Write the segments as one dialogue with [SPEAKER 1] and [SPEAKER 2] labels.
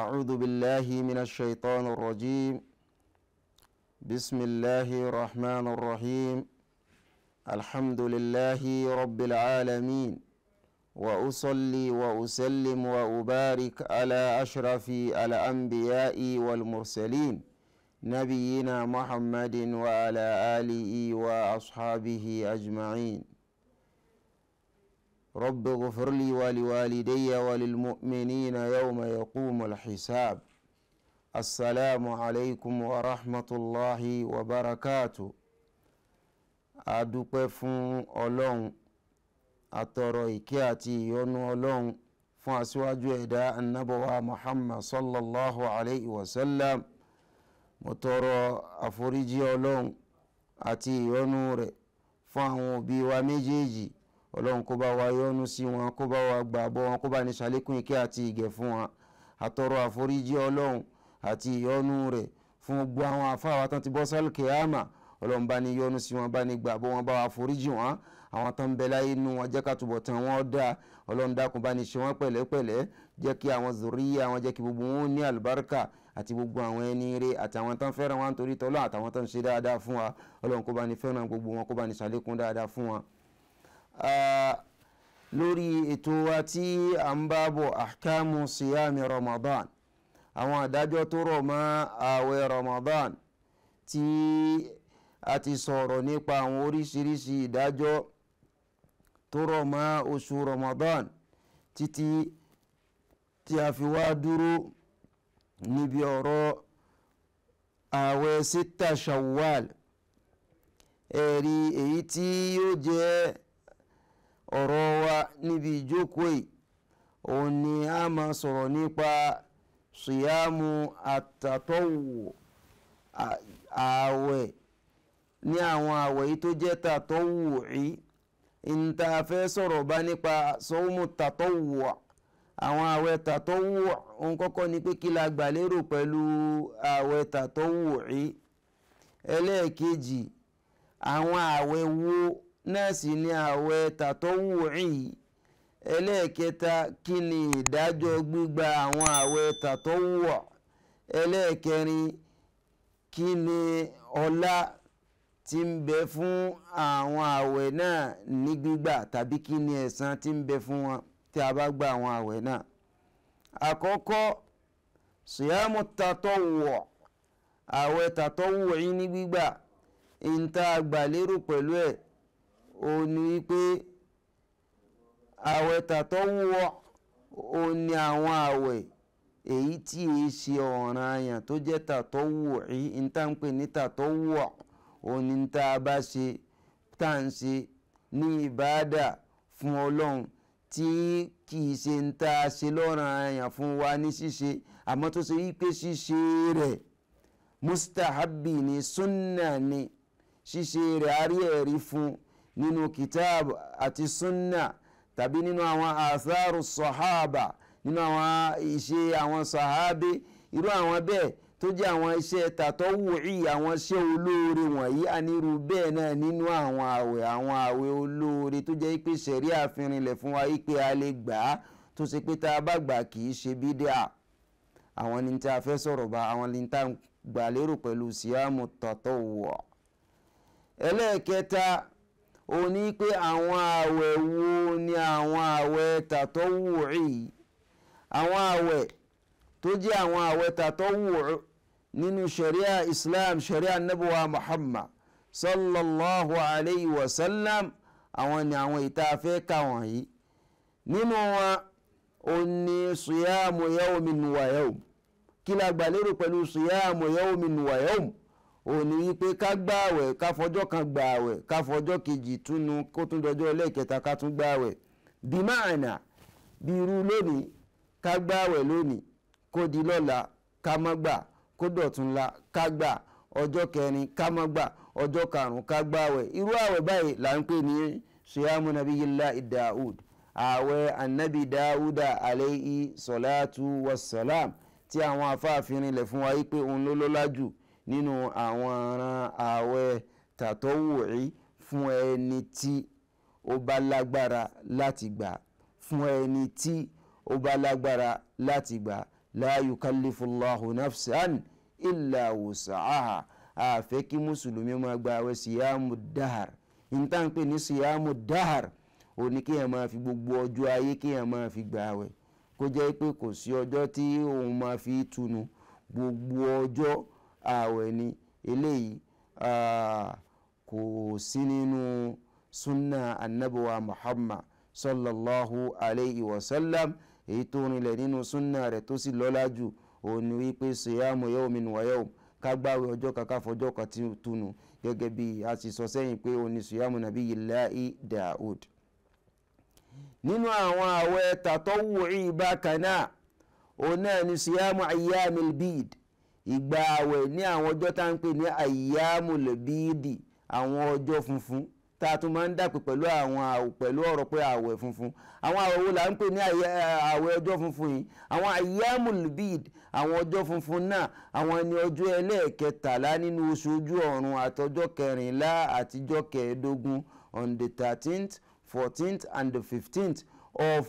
[SPEAKER 1] أعوذ بالله من الشيطان الرجيم بسم الله الرحمن الرحيم الحمد لله رب العالمين وأصلي وأسلم وأبارك على أشرف الأنبياء والمرسلين نبينا محمد وعلى آله وأصحابه أجمعين رب اغفر لي ولوالدي وللمؤمنين يوم يقوم الحساب السلام عليكم ورحمة الله وبركاته adúpẹ́ fún ọlọ́run àtọ̀rọ̀ ìkẹ́ àti ìyọ́nú ọlọ́run fún aṣíwájú ẹ̀dá annabawa muhammad sallallahu alayhi wa sallam mo tọrọ àforíjì ọlọ́run àti ìyọ́nú rẹ̀ fún àwọn òbí wa méjèèjì ọlọ́run kó bá wa yọ́nú sí wọn kó bá wa gbàgbọ́ wọn kó bá ní ṣàlékún ìkẹ́ àti ìgẹ̀ fún wọn àtọrọ àforíjì ọlọ́run àti ìyọ́nú rẹ̀ fún gbogbo àwọn afáwa tán ti bọ́ sálù kìámà ọlọ́run bá ní yọ́nú sí wọn bá ní gbàgbọ́ wọn bá wa foríjì wọn àwọn tán ń bẹ láyé inú wọn jẹ́ ká túbọ̀ tán wọn dá ọlọ́run dákun bá ní ṣe wọn pẹ̀lẹ́pẹ̀lẹ́ jẹ́ kí àwọn zòríyà wọn jẹ́ kí gbogbo wọn ní àlùbáríkà àti gbogbo àwọn ẹni rere àti àwọn tán fẹ́ràn wọn torí tọ́lọ́ àtàwọn tán ń ṣe dáadáa fún wa ọlọ́run kó bá ní fẹ́ràn gbogbo wọn kó bá ní ṣàlékún dáadáa fún wa lórí ètò wa tí a ń bá bọ̀ ahkamu siyami ramadan àwọn àdájọ́ tó rọ̀ mọ́ ààwẹ̀ ramadan tí a ti sọ̀rọ̀ nípa àwọn oríṣiríṣi ìdájọ́ tó rọ̀ mọ́ oṣù ramadan títí tí a fi wá dúró níbi ọ̀rọ̀ ààwẹ̀ sita shawwal ẹ̀rí èyí tí yóò jẹ́ ọ̀rọ̀ wa níbi ìjókòó yìí òun ni a máa sọ̀rọ̀ nípa ṣìyàmù àtàtọ́wò ààwẹ̀ ní àwọn àwẹ̀ yìí tó jẹ́ tàtọ́wò yìí ìta fẹ́ sọ̀rọ̀ bá nípa sọ́wọ́mù tàtọ́wò àwọn àwẹ̀ tàtọ́wò òun kọ́kọ́ ni pé kí la gbà lérò pẹ̀lú àwẹ̀ tàtọ́wò yìí ẹlẹ́ẹ̀kejì àwọn àwẹ̀ wo. náà sì ni àwẹ̀ tàtọ́wùrì ẹlẹ́ẹ̀kẹta kí ni ìdájọ́ gbígba àwọn àwẹ̀ tàtọ́wùwà ẹlẹ́ẹ̀kẹrin kí ni ọlá ti ń bẹ fún àwọn àwẹ̀ náà ní gbígbà tàbí kí ni ẹ̀san ti ń bẹ fún wọn tí a bá gba àwọn àwẹ̀ náà àkọ́kọ́ àwẹ̀ ní gbígbà ìta àgbàlérò onu ni wípé àwẹ̀ tàtọ́ wúwọ́ òun eyi àwọn àwẹ̀ èyí tí èyí ṣe ọ̀ràn àyàn tó jẹ́ tàtọ́ rí ni tá a bá ṣe tá à ń ṣe ní ìbáàdà fún ọlọ́run tí kìí ṣe ń tá a ṣe lọ́ràn àyàn fún wa ní ṣíṣe àmọ́ tó ṣe wípé ṣíṣe rẹ̀ mustahabi ni sunna ni ṣíṣe rẹ̀ arí ẹ̀rí fún nínú kìtáàbù àti súnà tàbí nínú àwọn àtharu sọ̀háàbà nínú àwọn ìṣe àwọn sàhábé irú àwọn bẹ́ẹ̀ tó jẹ́ àwọn iṣẹ́ tàtọ́wùí àwọn iṣẹ́ olóore wọ̀nyí anirú bẹ́ẹ̀ náà nínú àwọn àwẹ̀ àwọn àwẹ̀ olóore tó jẹ́ pé ṣẹ̀rí àfinrinlẹ̀ fún wa pé a lè gbà á tó ṣe pé tá a bá gbà kì í ṣe bídíà àwọn ní tí a fẹ́ sọ̀rọ̀ bá àwọn ní tá a gbà lérò pẹ̀lú síámù tàtọ́wùọ̀ ẹlẹ́ẹ̀kẹta òun ní pé àwọn àwẹ̀ wo ni àwọn àwẹ̀ tàtọ́ wùrì àwọn àwẹ̀ tó jẹ́ àwọn àwẹ̀ tàtọ́ wùrì nínú sharia islam sharia nabuwa muhammad sallallahu alayhi wa sallam àwọn ni àwọn ìtaafẹ́ kà wọ̀nyí nínú wọn ò suyamu yawmin wa kí la pẹ̀lú suyamu yawmin wa òní wípé ká gba àwẹ̀ ká fọjọ́ kan gba àwẹ̀ ká fọjọ́ kejì túnu kó tún dọjọ́ ẹlẹ́ẹ̀kẹta ká tún gba àwẹ̀ bí máàna bí irú lónìí ká gba àwẹ̀ lónìí kó di lọ́la ká má gbà kó dọ̀túnla ká gbà ọjọ́ kẹrin ká má gbà ọjọ́ karùn-ún ká gba irú àwẹ̀ báyìí là ń pè ní ṣìyàmù nabiyillahi Daud àwẹ̀ anabi Dauda alayhi salatu wassalam tí àwọn afáàfin rinlẹ̀ fún wa yí pé òun ló lọ́lá jù nínú àwọn ọ̀ràn ààwẹ̀ tàtọ́wòrí fún ẹni tí ó bá lágbára láti gbà fún ẹni tí ó bá lágbára láti gbà la yukallifullahu nafsan illa wusaaha àfẹ́ kí mùsùlùmí máa gba àwẹ̀ síyáàmù dáhàr ìtànpé ní síyáàmù dáhàr ó ní kí ẹ máa fi gbogbo ọjọ́ ayé kí ẹ máa fi gba àwẹ̀ kó jẹ́ pé kò sí ọjọ́ tí òun máa fi túnu gbogbo ọjọ́ ààwẹ̀ ni eléyìí kò sí nínú sunna anabuwa muhammad sallallahu alayhi wa sallam èyí tó rinlẹ̀ nínú sunna rẹ̀ tó sì lọ́lá jù òun ni wípé siyamu yawmin wa yawm kágbáwé ọjọ́ kan káfọjọ́ kan tí ó gẹ́gẹ́ bí a ti sọ sẹ́yìn pé òun ni siyamu nabiyillahi daoud nínú àwọn àwẹ̀ tàtọ́wù ìbákanáà òun náà ni siyamu ayyamil bid ìgbà àwẹ̀ ní àwọn ọjọ́ tá ń pè ní àyàmùlẹ̀bíìdì àwọn ọjọ́ funfun tá a tún máa ń dàpè pẹ̀lú àwọn pẹ̀lú ọ̀rọ̀ pé àwẹ̀ funfun àwọn àwẹ̀ wo là ń pè ní àwẹ̀ ọjọ́ funfun yìí àwọn àyàmùlẹ̀bíìdì àwọn ọjọ́ funfun náà àwọn ni ọjọ́ ẹlẹ́ẹ̀kẹtàlá nínú oṣù ojú ọ̀run àtọjọ́ kẹrìnlá àtijọ́ kẹẹ̀ẹ́dógún on the thirteenth fourteenth and the fifteenth of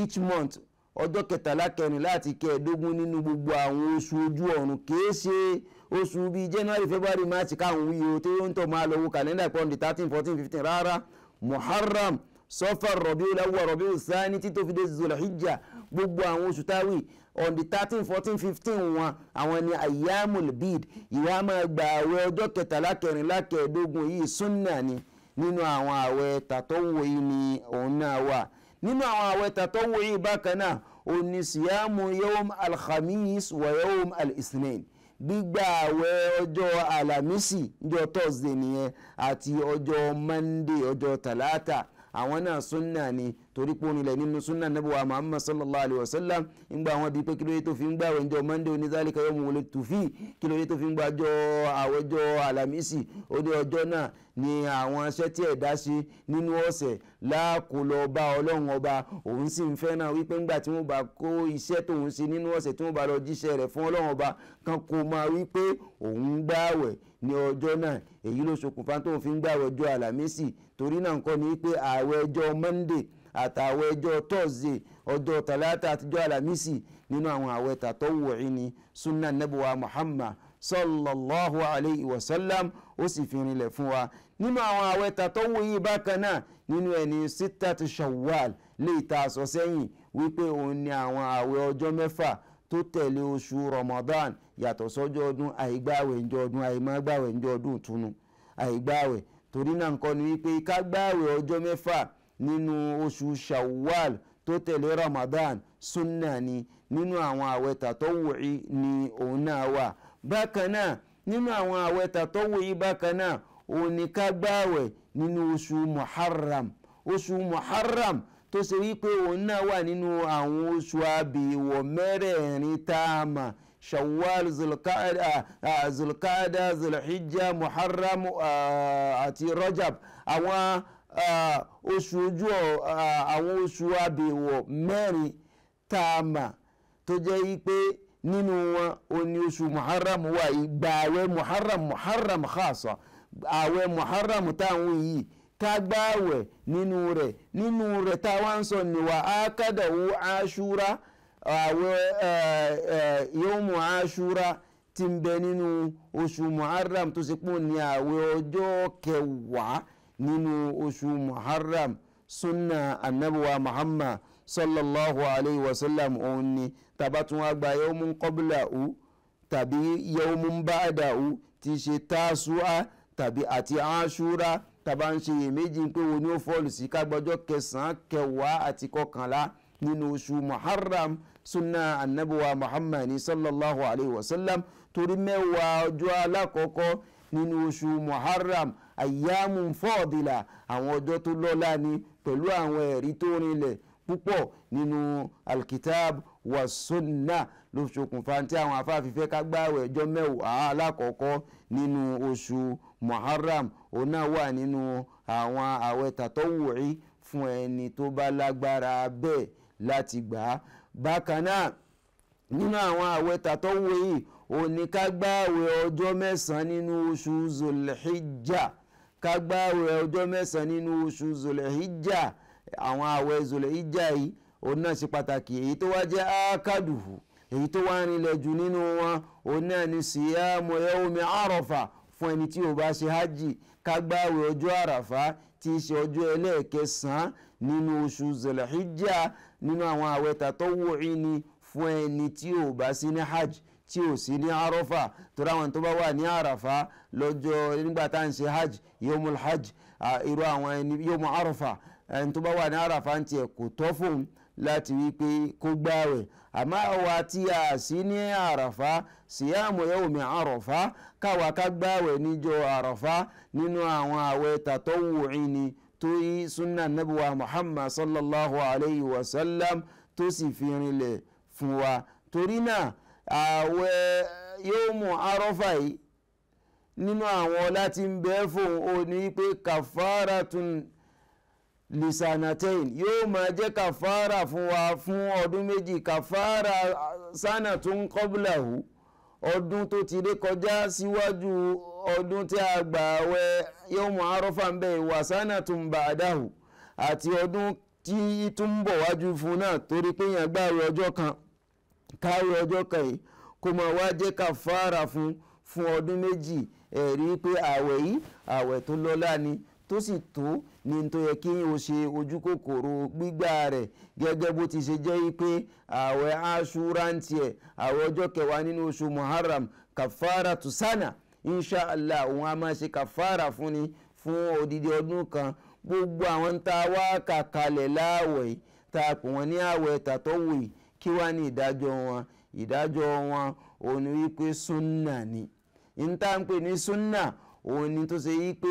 [SPEAKER 1] each month ọjọ́ kẹtàlá kẹrin láti kẹẹ̀ẹ́dógún nínú gbogbo àwọn oṣù ojú ọ̀run kìí ṣe oṣù bíi january february march káwọn wíyẹ o tí ó ń tọ́ máa lọ wo kàlẹ́ndà pọ̀ ní thirteen fourteen fifteen rárá muharram sọfar rọ̀bíù láwùwà rọ̀bíù sáni títí tó fi dé zulhijja gbogbo àwọn oṣù táwì on the thirteen fourteen fifteen wọn àwọn ni ayyamul bid ìwà máa gba àwẹ̀ ọjọ́ kẹtàlá kẹrìnlá kẹẹ̀ẹ́dógún yìí sunna ni nínú àwọn àwẹ̀ tàtọ́wò yìí ni òun náà wà nínú àwọn àwẹ̀ tàtọ́ wo yìí bákan náà ò ní síyámù yawm alhamis wa yawm alisnain gbígbà àwẹ̀ ọjọ́ alamisi ọjọ́ thursday nìyẹn àti ọjọ́ monday ọjọ́ talata àwọn náà sunna ni torí pé onílẹ̀ nínú sunna nabi wa muhammad sallallahu alayhi wa sallam ń gba àwọn bíi pé kílódé tó fi ń gbààwẹ̀ ọjọ́ monday onídàálì kan yóò mú wọlé tùfí kílódé tó fi ń gbàjọ àwẹ̀jọ alamisi ó ní ọjọ́ náà ni àwọn aṣẹ́ tí ẹ̀dá ṣe nínú ọ̀sẹ̀ láàkólọ bá ọlọ́run ọba òun sì ń fẹ́ràn wípé ńgbà tí wọ́n bá kó iṣẹ́ tóun ṣe nínú ọ̀sẹ̀ tí wọ́n bá lọ jíṣẹ́ rẹ̀ fún ọlọ́run ọba kan kó máa wípé òun gbààwẹ̀ ní ọjọ́ náà èyí ló ṣokùnfà tó fi ń gbààwẹ̀ ọjọ́ àlàmísì torí náà nǹkan ni pé ààwẹ̀ ọjọ́ monday àtàwẹ̀ ọjọ́ thursday ọjọ́ tàlátà àtijọ́ àlàmísì nínú àwọn ààwẹ̀ tàtọ́wùwẹ̀ ni sunna nebuwa muhammad sallallahu alayhi wa sallam ó sì fi rinlẹ̀ fún wa nínú àwọn ààwẹ̀ tàtọ́wù yìí bákan náà nínú ẹni sitat shawwal lè ta àsọ sẹ́yìn wípé òun ni àwọn ààwẹ̀ ọjọ́ mẹ́fà tó tẹ̀lé oṣù ramadan yàtọ̀ sọ́jọ́ ọdún àìgbàwẹ̀ ńjọ́ ọdún àìmọ́gbàwẹ̀ ńjọ́ ọdún ìtúnu àìgbàwẹ̀ torí náà nǹkan ni wípé ká gbàwẹ̀ ọjọ́ mẹ́fà nínú oṣù shawwal tó tẹ̀lé ramadan sunna ni nínú àwọn àwẹ̀ tàtọ́wùí ni òun náà wà bákan náà nínú àwọn àwẹ̀ tàtọ́wùí bákan náà òun ni ká gbàwẹ̀ nínú oṣù muharram oṣù muharram tó ṣe wípé òun náà wà nínú àwọn oṣù àbẹ̀wò mẹ́rẹ̀ẹ̀rin tá a mà shawwal zulkaada ah, ah, zulhijja muharram ah, àti rajab àwọn oṣù ojú àwọn oṣù abèwọ̀ mẹ́rin tá a mà tó jẹ́ wípé nínú wọn o ní oṣù muharram wà ìgbà àwẹ̀ muharram muharram khasa àwẹ̀ muharram táwọn yìí tágbàwẹ̀ nínú rẹ̀ nínú rẹ̀ táwọn sọ níwà ákádàwó aṣúra àwẹ̀ yóòmù aṣúra ti ń bẹ nínú oṣù muharram tó ṣe pọ̀ ní àwẹ̀ ọjọ́ kẹwàá nínú oṣù muharram sunna anabuwa muhammad sallallahu alayhi wa sallam òun ni tabatun agba yóòmù kọ́bílà ú tàbí yóòmù báàdà ú ti ṣe tásùá tàbí àti aṣúra tàbá ń ṣe iyèméjì pé wo ni ó fọ́ọ̀lù sí kágbọ́jọ́ kẹsàn kẹwàá àti kọkànlá nínú oṣù muharram sunna anabuwa muhammad sallallahu alayhi wa sallam torí mẹ́wàá ọjọ́ alákọ̀ọ́kọ́ nínú oṣù muharram ayyamun fọ́ọ̀dìlà àwọn ọjọ́ tó lọ́lá ni pẹ̀lú àwọn ẹ̀rí tó rinlẹ̀ púpọ̀ nínú alkitab wa sunna ló ṣokùnfà tí àwọn afáfífẹ́ ká gbààwẹ̀ ọjọ́ mẹ́wàá alákọ̀ọ́kọ́ nínú oṣù muharram òun náà wà nínú àwọn àwẹ̀ fún ẹni tó bá lágbára bẹ́ẹ̀ láti gbà á bákan náà nínú àwọn àwẹ̀tà tó wọ yìí òní ká gbààwẹ̀ ọjọ́ mẹ́sàn-án nínú oṣù zolhijjah ká gbààwẹ̀ ọjọ́ mẹ́sàn-án nínú oṣù zolhijjah àwọn àwẹ̀ zolhijjah yìí òun náà ṣe pàtàkì èyí tó wá jẹ́ ákàdùhù èyí tó wá rinlẹ̀ jù nínú wọn òun náà ni síyáàmù yawmi àrọ̀fà fún ẹni tí ó bá ṣe hajj kágbáwé ọjọ́ àràfá tí í ṣe ọjọ́ ẹlẹ́ẹ̀kẹsàn-án nínú oṣù zelahijjá nínú àwọn àwẹ̀tà tó wòrí ni fún ẹni tí ó bá sí ní hajj tí ò sí ní arọ́fà torí àwọn tó bá wà ní àràfá lọ́jọ́ nígbà tá à ń ṣe hajj yomul hajj irú àwọn ẹni yomul arọ́fà ẹni tó bá wà ní àràfá ń tiẹ̀ kò tọ́ fóun láti wípé kó gbààwẹ̀ àmọ́ àwa tí a sí ní àràfá síyàmù yawmi àràfá káwa ká gbààwẹ̀ níjọ́ àràfá nínú àwọn àwẹ̀ tàtọ́wùrì ni tó yí sunna nabuwa muhammad sallallahu alayhi wa sallam tó sì fi rinlẹ̀ fún wa torí náà àwẹ̀ yawmu àràfá yìí nínú àwọn ọlá ń bẹ fún òun pé kàfàràtún lisanatain yóò máa jẹ́ kàfàrà fún wa fún ọdún méjì kàfàrà sánà tó ń kọ́bùlàhù ọdún tó ti ré kọjá síwájú ọdún tí a gbà wẹ̀ yóò mọ arọ́fà ń bẹ̀ wà sánà tó ń bà á dáhù àti ọdún tí tó ń bọ̀ wájú fún náà torí pé yàn gbàrú ọjọ́ kan kárí ọjọ́ kan yìí kó máa wá jẹ́ kàfàrà fún fún ọdún méjì ẹ̀rí pé àwẹ̀ yìí àwẹ̀ tó lọ́lá ni tó sì tó ní tó yẹ kí o ṣe ojú kòkòrò gbígbà rẹ̀ gẹ́gẹ́ bó ti ṣe jẹ́ pé ààwẹ̀ aṣúra ń tiẹ̀ ọjọ́ kẹwàá nínú oṣù muharram kàfàrà tùsánà inshàlá òun a máa ṣe kàfàrà fúnni fún odidi ọdún kan gbogbo àwọn tá a wá kàkalẹ̀ láàwẹ̀ tá a pè wọ́n ní ààwẹ̀ tàtọ́wò yìí kí wá ní ìdájọ́ wọn ìdájọ́ wọn òun ni wípé súnà ni ìta ń pè ní súnà òun ni tó ṣe yí pé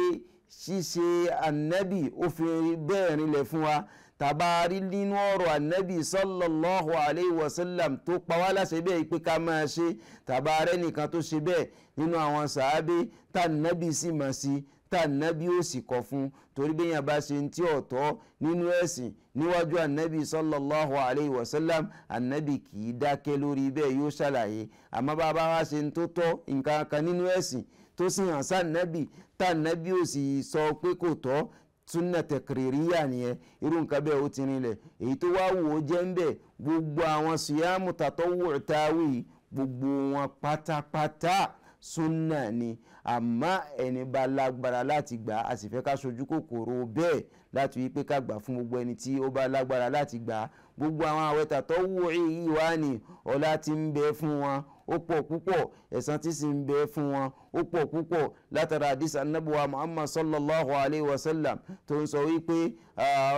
[SPEAKER 1] ṣíṣe ànábì ó fi bẹ́ẹ̀ rinlẹ̀ fún wa tàbárí nínú ọ̀rọ̀ ànábì sallallahu alayhi wa sallam tó pa wá láṣẹ bẹ́ẹ̀ pé ká máa ṣe tàbárẹ́ nìkan tó ṣe bẹ́ẹ̀ nínú àwọn sàábé tá ànábì sì mọ̀ sí tànàbí ó sì kọ̀ fún torí bí yẹn bá ṣe ń tí ọ̀tọ̀ nínú ẹ̀sìn níwájú ànàbí sallallahu alayhi wa sallam ànàbí kì í dákẹ́ lórí bẹ́ẹ̀ yóò ṣàlàyé àmọ́ bàbá wa ṣe ń tó tọ́ nǹkan kan nínú ẹ̀sìn tó sì hàn sànàbí tànàbí ó sì sọ pé kò tọ́ súnà tẹkìrìríyà nìyẹn irú nǹkan bẹ́ẹ̀ ó ti rinlẹ̀ èyí tó wá wò ó jẹ́ ń bẹ̀ gbogbo àwọn síyámù tàtọ́wò táwì gbogbo wọn pátápátá súnà ni àmọ́ ẹni bá lágbára láti gbà á sì fẹ́ ká sojú kòkòrò bẹ́ẹ̀ láti wí pé ká gbà fún gbogbo ẹni tí ó bá lágbára láti gbà á gbogbo àwọn àwẹ̀tà tó wù í wá ní ọlá tí ń bẹ fún wọn ó pọ̀ púpọ̀ ẹ̀san tí sì ń bẹ fún wọn ó pọ̀ púpọ̀ látara àdìs anábùwà muhammad sallallahu alayhi wa sallam tó ń sọ wípé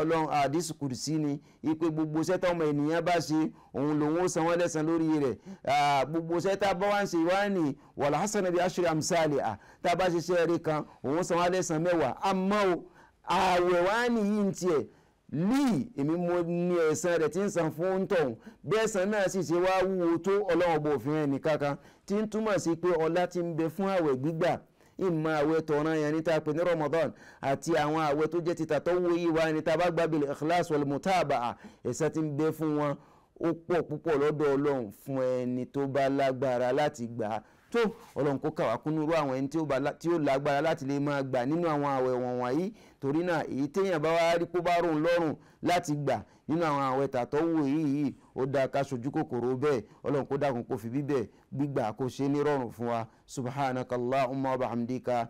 [SPEAKER 1] ọlọ́run àdìs kùrìsì ni ipe gbogbo sẹ́tà ọmọ ènìyàn bá ṣe òun lòun ó san wọ́n lẹ́san lórí rẹ̀ gbogbo sẹ́tà bá wá ń ṣe wá ní wàlá hasan nabi ashiri amsali a tá a bá ṣiṣẹ́ rẹ̀ kan òun san wọ́n lẹ́san mẹ́wàá àmọ́ àwẹ̀ wá nìyí ń tiẹ̀ lì èmi mo ní ẹ̀san rẹ̀ tí ń san fún òǹtọ̀hún bí ẹ̀san náà sì ṣe wá wúwo tó ọlọ́run bò fi hàn nìkankan tí ń túmọ̀ sí pé ọlá ti ń bẹ fún àwẹ̀ gbígbà ìmọ̀ àwẹ̀ tọ̀ràn yẹn níta pé ní Ramadan àti àwọn àwẹ̀ tó jẹ́ títà tó wo ìwà níta bá gbàgbélé ikhlas wal mutaba'a ẹ̀san ti ń bẹ fún wọn ó pọ̀ púpọ̀ lọ́dọ̀ ọlọ́run fún ẹni tó bá lágbára láti gbà á tó ọlọ́run kó kà wá kún irú àwọn ẹni tí ó lágbára láti lè máa gbà nínú àwọn àwẹ̀ wọ̀nyí torí náà èyí téèyàn bá wá rí kó bá rùn lọ́rùn láti gbà nínú àwọn àwẹ̀ tàtọ́ wò yìí ó dáa ká sojú kòkòrò bẹ́ẹ̀ ọlọ́run kó dákun kó fi bíbẹ̀ gbígbà kó ṣe ní rọrùn fún wa subhanakallahumma wa bihamdika